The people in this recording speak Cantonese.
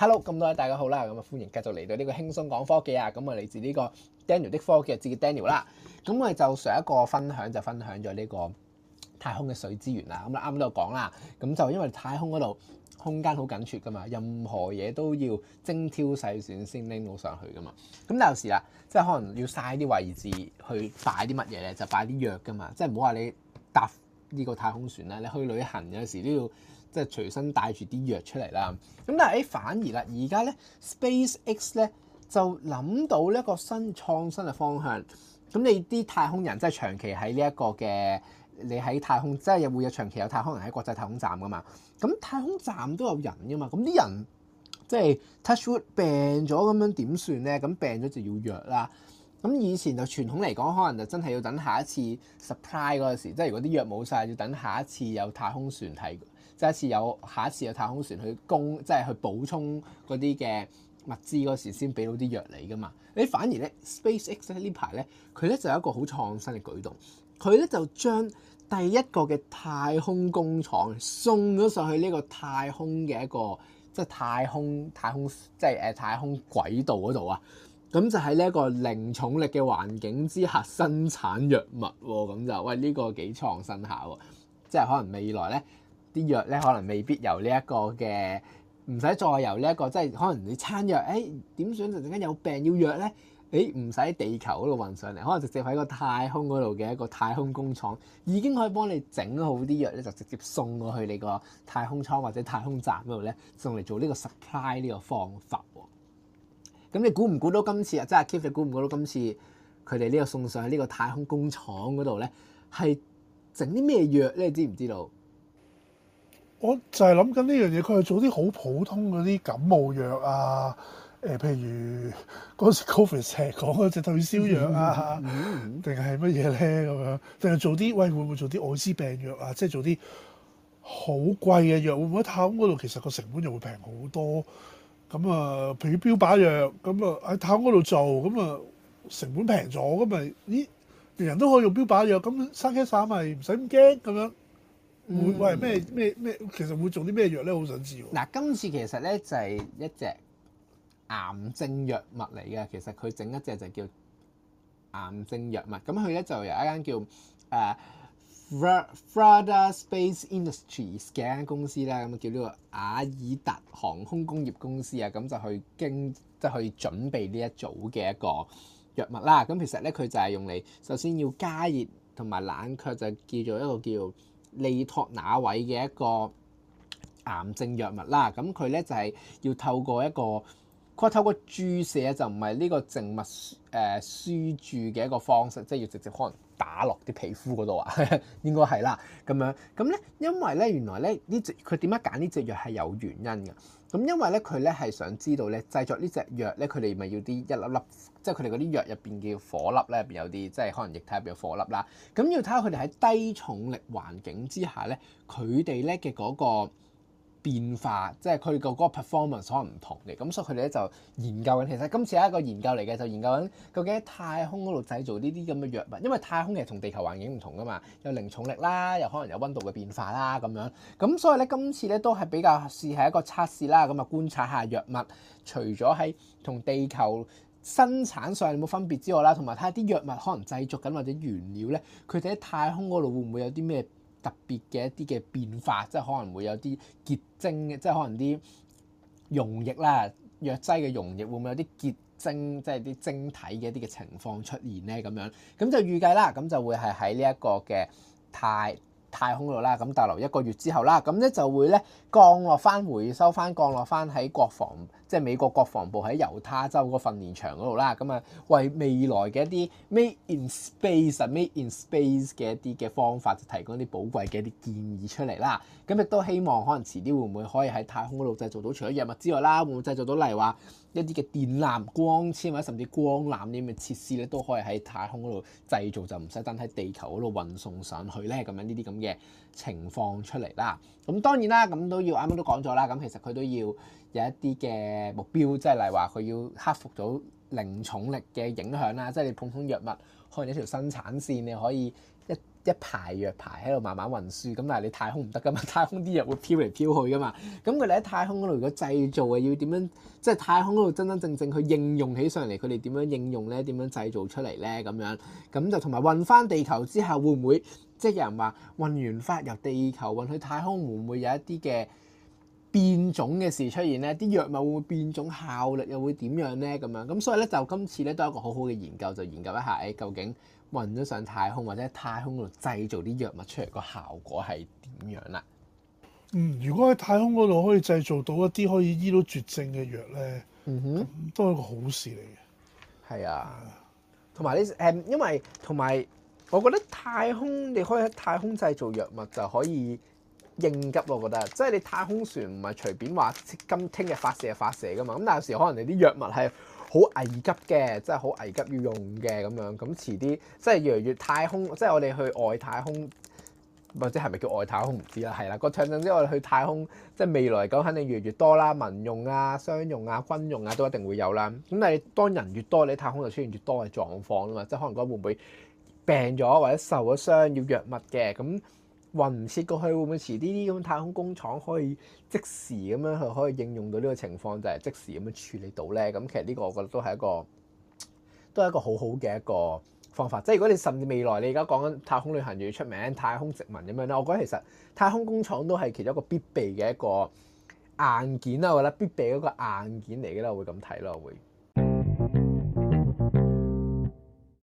Hello，咁多位大家好啦，咁啊歡迎繼續嚟到呢個輕鬆講科技啊，咁啊嚟自呢個 Daniel 的科技，自己 Daniel 啦，咁我哋就上一個分享就分享咗呢個太空嘅水資源啦，咁啊啱啱都有講啦，咁就因為太空嗰度空間好緊缺噶嘛，任何嘢都要精挑細選先拎到上去噶嘛，咁但有時啊，即係可能要嘥啲位置去擺啲乜嘢咧，就擺啲藥噶嘛，即係唔好話你搭呢個太空船咧，你去旅行有時都要。即係隨身帶住啲藥出嚟啦。咁但係誒，反而啦，而家咧 Space X 咧就諗到一個新創新嘅方向。咁你啲太空人即係長期喺呢一個嘅，你喺太空即係有會有長期有太空人喺國際太空站㗎嘛？咁太空站都有人㗎嘛？咁啲人即係，就是，Touchwood 病咗咁樣點算咧？咁病咗就要藥啦。咁以前就傳統嚟講，可能就真係要等下一次 supply 嗰時，即係如果啲藥冇晒，要等下一次有太空船睇。即係一次有下一次有太空船去供，即係去補充嗰啲嘅物資嗰時，先俾到啲藥嚟噶嘛。你反而咧，SpaceX 咧呢排咧，佢咧就有一個好創新嘅舉動，佢咧就將第一個嘅太空工廠送咗上去呢個太空嘅一個，即係太空太空即係誒太空軌道嗰度啊。咁就喺呢一個零重力嘅環境之下生產藥物，咁就喂呢個幾創新下喎，即係可能未來咧。啲藥咧，可能未必由呢一個嘅，唔使再由呢一個，即係可能你餐藥，誒點想就陣間有病要藥咧，誒唔使地球嗰度運上嚟，可能直接喺個太空嗰度嘅一個太空工廠已經可以幫你整好啲藥咧，就直接送過去你個太空艙或者太空站嗰度咧，送嚟做呢個 supply 呢個方法喎。咁你估唔估到今次啊？即係 k i e p 你估唔估到今次佢哋呢個送上呢個太空工廠嗰度咧，係整啲咩藥咧？你知唔知道？我就係諗緊呢樣嘢，佢係做啲好普通嗰啲感冒藥啊，誒、呃，譬如嗰陣時 Covid 成日講嗰隻退燒藥啊，定係乜嘢咧咁樣？定係做啲喂，會唔會做啲愛滋病藥啊？即係做啲好貴嘅藥，會唔會喺太空嗰度其實個成本就會平好多？咁啊，譬如標靶藥，咁啊喺太空嗰度做，咁啊成本平咗，咁咪啲人人都可以用標靶藥，咁生 cancer 咪唔使咁驚咁樣。生會喂咩咩咩？其實會做啲咩藥咧？好想知喎！嗱、啊，今次其實咧就係、是、一隻癌症藥物嚟嘅。其實佢整一隻就叫癌症藥物。咁佢咧就有一間叫誒、啊、Frauda Space Industries 嘅一間公司啦，咁叫呢個亞爾達航空工業公司啊。咁就去經即係去準備呢一組嘅一個藥物啦。咁其實咧佢就係用嚟首先要加熱同埋冷卻，就叫做一個叫利托那位嘅一個癌症藥物啦，咁佢咧就係要透過一個，佢透過注射就唔係呢個靜脈誒輸注嘅一個方式，即係要直接可能打落啲皮膚嗰度啊， 應該係啦，咁樣，咁咧因為咧原來咧呢隻佢點解揀呢隻藥係有原因㗎。咁因為咧，佢咧係想知道咧，製作呢隻藥咧，佢哋咪要啲一,一粒粒，即係佢哋嗰啲藥入邊嘅顆粒咧，入邊有啲即係可能液體入邊嘅顆粒啦。咁要睇下佢哋喺低重力環境之下咧，佢哋咧嘅嗰個。變化即係佢哋個個 performance 可能唔同嘅，咁所以佢哋咧就研究緊。其實今次係一個研究嚟嘅，就研究緊究竟喺太空嗰度製造呢啲咁嘅藥物，因為太空其實同地球環境唔同噶嘛，有零重力啦，又可能有温度嘅變化啦咁樣。咁所以咧，今次咧都係比較試係一,一個測試啦，咁啊觀察下藥物除咗喺同地球生產上有冇分別之外啦，同埋睇下啲藥物可能製造緊或者原料咧，佢哋喺太空嗰度會唔會有啲咩？特別嘅一啲嘅變化，即係可能會有啲結晶，嘅，即係可能啲溶液啦、藥劑嘅溶液會唔會有啲結晶，即係啲晶，晶體嘅一啲嘅情況出現咧？咁樣咁就預計啦，咁就會係喺呢一個嘅太太空度啦，咁逗留一個月之後啦，咁咧就會咧降落返、回收返、降落返喺國防。即係美國國防部喺猶他州個訓練場嗰度啦，咁啊為未來嘅一啲 made in space a made in space 嘅一啲嘅方法，就提供一啲寶貴嘅一啲建議出嚟啦。咁亦都希望可能遲啲會唔會可以喺太空嗰度製造到除咗藥物之外啦，會唔會製造到例如話一啲嘅電纜、光纖或者甚至光纜啲咁嘅設施咧，都可以喺太空嗰度製造，就唔使等喺地球嗰度運送上去咧。咁樣呢啲咁嘅情況出嚟啦。咁當然啦，咁都要啱啱都講咗啦。咁其實佢都要有一啲嘅。誒，目標即係例如話佢要克服到零重力嘅影響啦，即係你普通藥物可能一條生產線你可以一一排藥排喺度慢慢運輸，咁但係你太空唔得噶嘛，太空啲藥會飄嚟飄去噶嘛，咁佢哋喺太空嗰度如果製造啊，要點樣，即係太空嗰度真真正正佢應用起上嚟，佢哋點樣應用咧？點樣製造出嚟咧？咁樣咁就同埋運翻地球之後會唔會即係有人話運完發由地球運去太空會唔會有一啲嘅？變種嘅事出現，呢啲藥物會，會變種，效力又會點樣呢？咁樣咁，所以咧就今次咧都係一個好好嘅研究，就研究一下誒，究竟運咗上太空或者太空度製造啲藥物出嚟個效果係點樣啦？嗯，如果喺太空嗰度可以製造到一啲可以醫到絕症嘅藥咧，咁、嗯、哼都係一個好事嚟嘅。係啊，同埋你，誒、嗯，因為同埋我覺得太空你可以喺太空製造藥物就可以。應急我覺得，即係你太空船唔係隨便話今聽日發射發射噶嘛，咁但係有時可能你啲藥物係好危急嘅，即係好危急要用嘅咁樣，咁遲啲即係越嚟越太空，即係我哋去外太空，或者係咪叫外太空唔知啦，係啦，個長遠之我哋去太空，即係未來咁肯定越嚟越多啦，民用啊、商用啊、軍用啊都一定會有啦。咁但係當人越多，你太空就出現越多嘅狀況啊嘛，即係可能嗰會唔會病咗或者受咗傷要藥物嘅咁。運唔切過去，會唔會遲啲啲，咁太空工廠可以即時咁樣去可以應用到呢個情況，就係即時咁樣處理到呢。咁其實呢個我覺得都係一個都係一個好好嘅一個方法。即係如果你甚至未來你而家講緊太空旅行越嚟越出名，太空殖民咁樣咧，我覺得其實太空工廠都係其中一個必備嘅一個硬件啦。我覺得必備嗰個硬件嚟嘅啦，我會咁睇咯，我會。